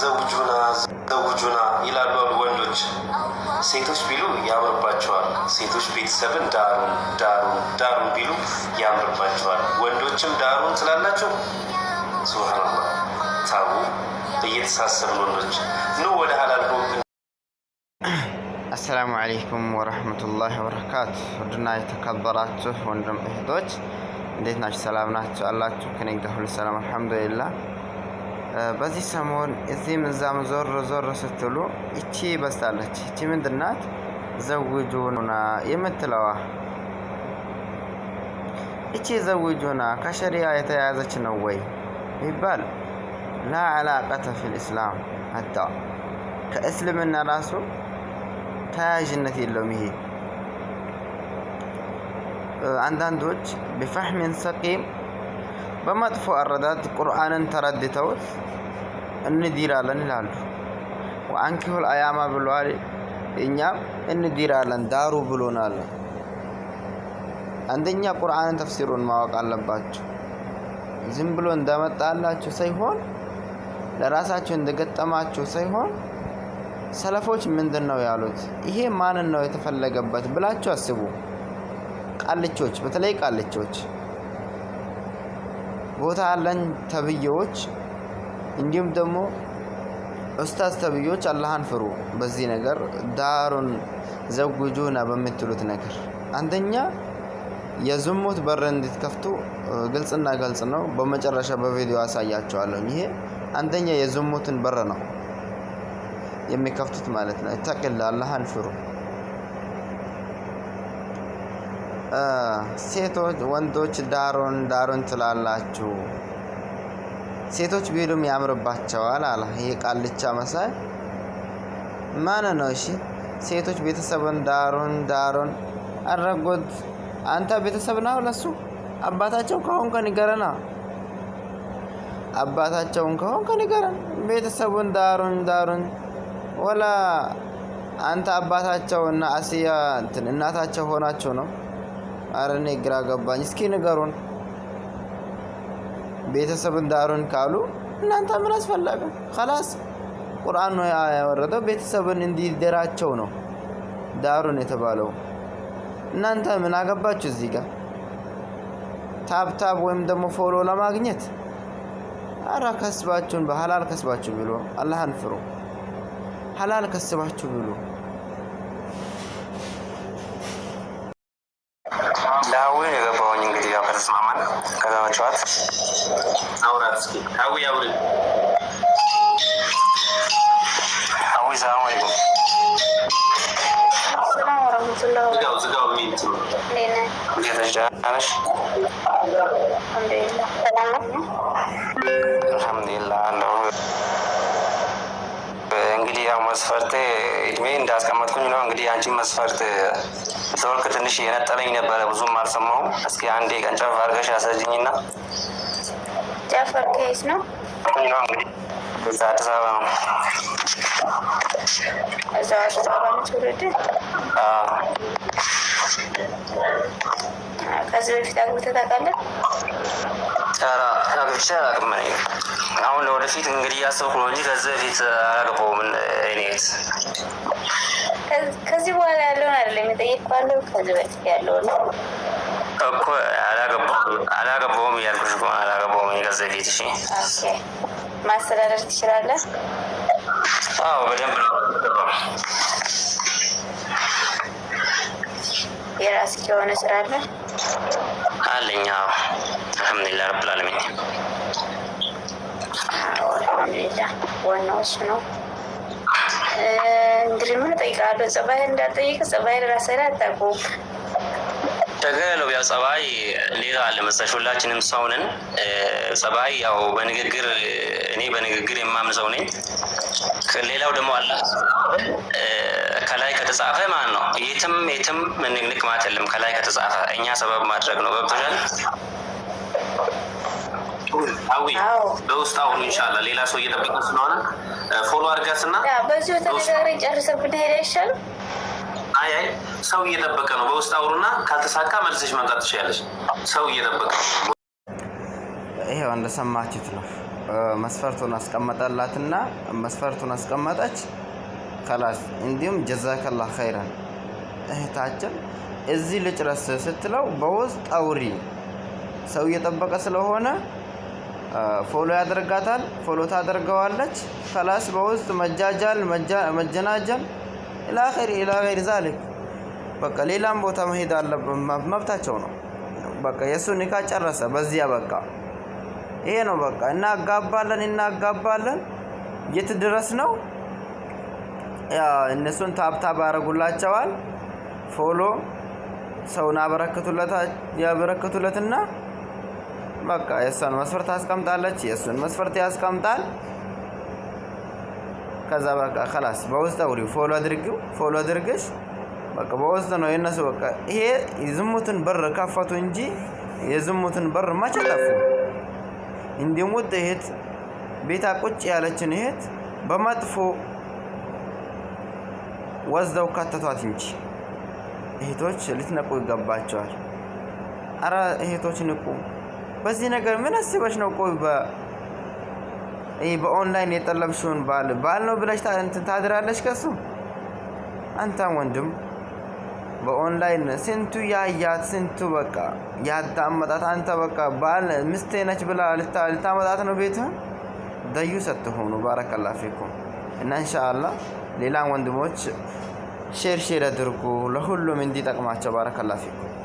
ዘውጁና ዘውጁና ይላሉ ወንዶች። ሴቶች ቢሉ ያምርባቸዋል። ሴቶች ቤተሰብን ዳሩ ዳሩ ዳሩ ቢሉ ያምርባቸዋል። ወንዶችም ዳሩ ትላላችሁ። ሱብሃንላ ታቡ እየተሳሰብን ወንዶች ኑ ወደ ሀላልቦ አሰላሙ አለይኩም ወረህመቱላሂ ወበረካቱ። ውድና የተከበራችሁ ወንድም እህቶች እንዴት ናችሁ? ሰላም ናችሁ አላችሁ? ከኔ ጋር ሁሉ ሰላም አልሐምዱሊላህ። በዚህ ሰሞን እዚህም እዛም ዞር ዞር ስትሉ እቺ በስታለች። እቺ ምንድናት? ዘውጁና የምትለዋ እቺ ዘውጁና ከሸሪያ የተያያዘች ነው ወይ ይባል ላ አላቀተ ፊል ኢስላም ሀታ ከእስልምና ራሱ ተያያዥነት የለውም። ይሄ አንዳንዶች ቢፋህሚን ሰቂም በመጥፎ አረዳት ቁርአንን ተረድተውት እንዲራለን ይላሉ። ወአንኪሁል አያማ ብሏል። እኛም እንዲራለን ዳሩ ብሎናል። አንደኛ ቁርአንን ተፍሲሩን ማወቅ አለባችሁ። ዝም ብሎ እንደመጣላችሁ ሳይሆን ለራሳችሁ እንደገጠማችሁ ሳይሆን ሰለፎች ምንድን ነው ያሉት፣ ይሄ ማንን ነው የተፈለገበት ብላችሁ አስቡ። ቃልቾች፣ በተለይ ቃልቾች ቦታ አለን ተብዬዎች እንዲሁም ደግሞ ኡስታዝ ተብዬዎች አላህን ፍሩ። በዚህ ነገር ዳሩን ዘጉጁና በምትሉት ነገር አንደኛ የዝሙት በር እንድትከፍቱ ግልጽና ገልጽ ነው። በመጨረሻ በቪዲዮ አሳያቸዋለሁ። ይሄ አንደኛ የዝሙትን በር ነው የሚከፍቱት ማለት ነው። ተቅላ አላህን ፍሩ። ሴቶች ወንዶች ዳሮን ዳሮን ትላላችሁ ሴቶች ቢሉም ያምርባቸዋል አለ። ይህ ቃልቻ መሳይ ማን ነው? እሺ ሴቶች ቤተሰብን ዳሮን ዳሮን አረጎት አንተ ቤተሰብ ነው ለሱ አባታቸው ከሆን ከንገረና አባታቸውን ከሆን ከንገረን ቤተሰቡን ዳሩን ዳሩን ወላ አንተ አባታቸውና አስያ እናታቸው ሆናችሁ ነው አረ እኔ ግራ ገባኝ። እስኪ ንገሩን። ቤተሰብ እንዳሩን ካሉ እናንተ ምን አስፈለገ? ከላስ ቁርአን ነው ያወረደው ቤተሰብን እንዲደራቸው ነው ዳሩን የተባለው። እናንተ ምን አገባችሁ እዚህ ጋር ታብታብ ወይም ደግሞ ፎሎ ለማግኘት? አራ ከስባችሁን በሀላል ከስባችሁ ብሎ አላህን ፍሩ። ሀላል ከስባችሁ ብሎ ከተስማማን ከዛ መጫወት አውራት እስኪ ሀዊ አውሪ ሀዊ ሰላም አለይኩም ዝጋው ዝጋው ሚንት ጌታሽ አልሐምዱሊላህ አለሁ እንግዲህ ያው መስፈርት እድሜ እንዳስቀመጥኩኝ ነው። እንግዲህ አንቺን መስፈርት ተወልክ ትንሽ የነጠለኝ ነበረ፣ ብዙም አልሰማሁም። እስኪ አንዴ ቀን ጨፍ አድርገሽ ያሰጅኝና ጨፈር ከይስ ነው እንግዲህ አዲስ አበባ ነው እዛ አዲስ አበባ ትውልድ ከዚህ በፊት አግብተህ ታውቃለህ? ሲታራ አግብቼ አላውቅም። እኔ አሁን ለወደፊት እንግዲህ እያሰብኩ ነው እንጂ ከዚህ በፊት አላገባውም። እኔት ከዚህ በኋላ ያለውን አይደለም የሚጠይቅባለው ከዚህ በፊት ያለውን እኮ አላገባውም እያልኩሽ እኮ አላገባውም። ከዚህ በፊት እሺ፣ ማስተዳደር ትችላለህ? አዎ በደንብ ነው። የራስህ የሆነ ስራ አለ አለኝ? አዎ አልሐምዱሊላህ ረብል ዓለሚን። አልሐምዱሊላህ ዋናው እሱ ነው። እንግዲህ ምን እጠይቃለሁ? ጸባይ እንዳልጠይቅ ጸባይ ራሴ ላይ አታውቁም። ችግር ያለው ያው ጸባይ ሌላ አለ መሰለሽ። ሁላችንም ሰው ነን። ጸባይ ያው በንግግር እኔ በንግግር የማምን ሰው ነኝ። ሌላው ደግሞ አለ ከላይ ከተጻፈ ማለት ነው። የትም የትም ንቅንቅ ማለት የለም። ከላይ ከተጻፈ እኛ ሰበብ ማድረግ ነው። ገብቶሻል? አዊ በውስጥ አሁኑ እንሻላ ሌላ ሰው እየጠበቀ ስለሆነ ፎሎ አድርጋት እና በዚሁ ጨርሰን ብንሄድ አይሻልም? አይ አይ ሰው እየጠበቀ ነው። በውስጥ አውሩና ካልተሳካ መልሰሽ መምጣት ትችላለች። ሰው እየጠበቀ ነው። ይሄው እንደሰማችሁት ነው። መስፈርቱን አስቀመጠላትና መስፈርቱን አስቀመጠች። ከላስ እንዲሁም ጀዛከላ ኸይረን እህታችን እዚህ ልጭረስ ስትለው በውስጥ አውሪ ሰው እየጠበቀ ስለሆነ ፎሎ ያደርጋታል፣ ፎሎ ታደርገዋለች። ከላስ በውስጥ መጃጃል፣ መጀናጀል ኢላኸሪ ኢላኸሪ ዛሊክ በቃ ሌላም ቦታ መሄድ አለብን። መብታቸው ነው። በቃ የእሱ ኒካ ጨረሰ፣ በዚያ በቃ ይሄ ነው በቃ። እናጋባለን እናጋባለን የት ድረስ ነው? እነሱን ታብታብ ያደርጉላቸዋል። ፎሎ ሰውን አበረክቱለትና በቃ የእሷን መስፈርት አስቀምጣለች፣ የእሱን መስፈርት ያስቀምጣል። ከዛ በቃ ከላስ በውስጥ አውሪ ፎሎ አድርጊው ፎሎ አድርገሽ በቃ በውስጥ ነው የነሱ በቃ ይሄ የዝሙትን በር ከፈቱ እንጂ የዝሙትን በር ማች ጠፉ። እንዲሁም ውድ እህት ቤታ ቁጭ ያለችን እህት በመጥፎ ወስደው ከተቷት እንጂ እህቶች ልትነቁ ይገባቸዋል። አረ እህቶች ንቁ። በዚህ ነገር ምን አስበሽ ነው? ቆይ በኦንላይን የጠለብሽውን ባል ባል ነው ብለሽ እንትን ታድራለሽ ከሱ አንተም ወንድም በኦንላይን ስንቱ ያያት ስንቱ በቃ ያዳመጣት አንተ በቃ ባል ምስቴ ነች ብላ ልታመጣት ነው ቤትህን ደዩ ሰትሆኑ ባረከላ ፊኩም እና እንሻአላ ሌላ ወንድሞች ሼር ሼር አድርጉ ለሁሉም እንዲጠቅማቸው ባረከላ ፊኩም